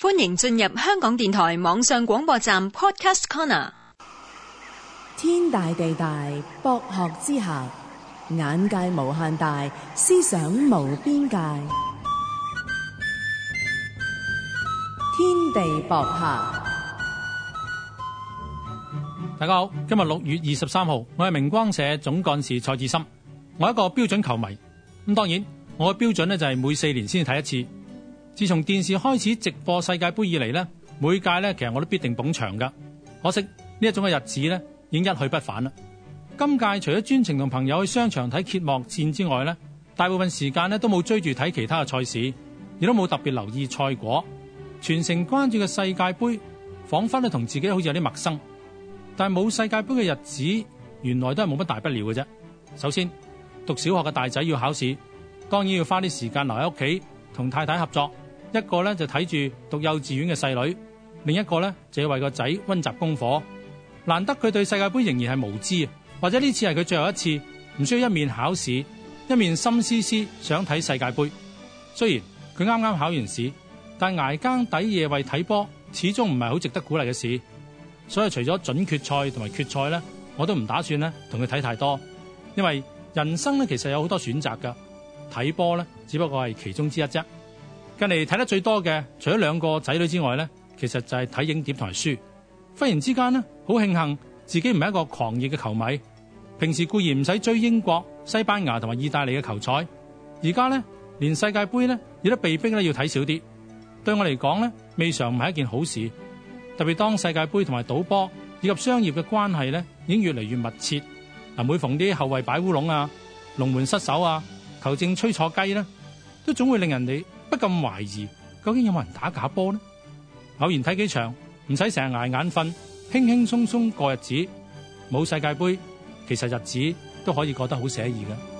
歡迎進入香港電台網上廣播站 Podcast Corner。天大地大，博學之下，眼界無限大，思想無邊界。天地博客，大家好。今日六月二十三號，我係明光社總幹事蔡志森。我係一個標準球迷，咁當然我嘅標準呢就係每四年先睇一次。自從電視開始直播世界杯以嚟呢每屆呢其實我都必定捧場噶。可惜呢一種嘅日子呢已經一去不返啦。今屆除咗專程同朋友去商場睇揭幕戰之外呢大部分時間呢都冇追住睇其他嘅賽事，亦都冇特別留意賽果。全城關注嘅世界杯，仿佛咧同自己好似有啲陌生。但係冇世界杯嘅日子，原來都係冇乜大不了嘅啫。首先，讀小學嘅大仔要考試，當然要花啲時間留喺屋企同太太合作。一個咧就睇住讀幼稚園嘅細女，另一個咧就要為個仔溫習功課。難得佢對世界盃仍然係無知，或者呢次係佢最後一次唔需要一面考試一面心思思想睇世界盃。雖然佢啱啱考完試，但係捱更抵夜為睇波，始終唔係好值得鼓勵嘅事。所以除咗準決賽同埋決賽咧，我都唔打算咧同佢睇太多，因為人生咧其實有好多選擇噶，睇波咧只不過係其中之一啫。近嚟睇得最多嘅，除咗兩個仔女之外呢，其實就係睇影碟同埋書。忽然之間呢，好慶幸自己唔係一個狂熱嘅球迷，平時固然唔使追英國、西班牙同埋意大利嘅球賽，而家呢，連世界盃呢，亦都被迫咧要睇少啲。對我嚟講呢，未嘗唔係一件好事。特別當世界盃同埋賭波以及商業嘅關係呢，已經越嚟越密切。嗱，每逢啲後衛擺烏龍啊、龍門失守啊、球證吹錯雞呢，都總會令人哋不禁懷疑，究竟有冇人打假波呢？偶然睇幾場，唔使成日捱眼瞓，輕輕鬆鬆過日子，冇世界盃，其實日子都可以過得好寫意嘅。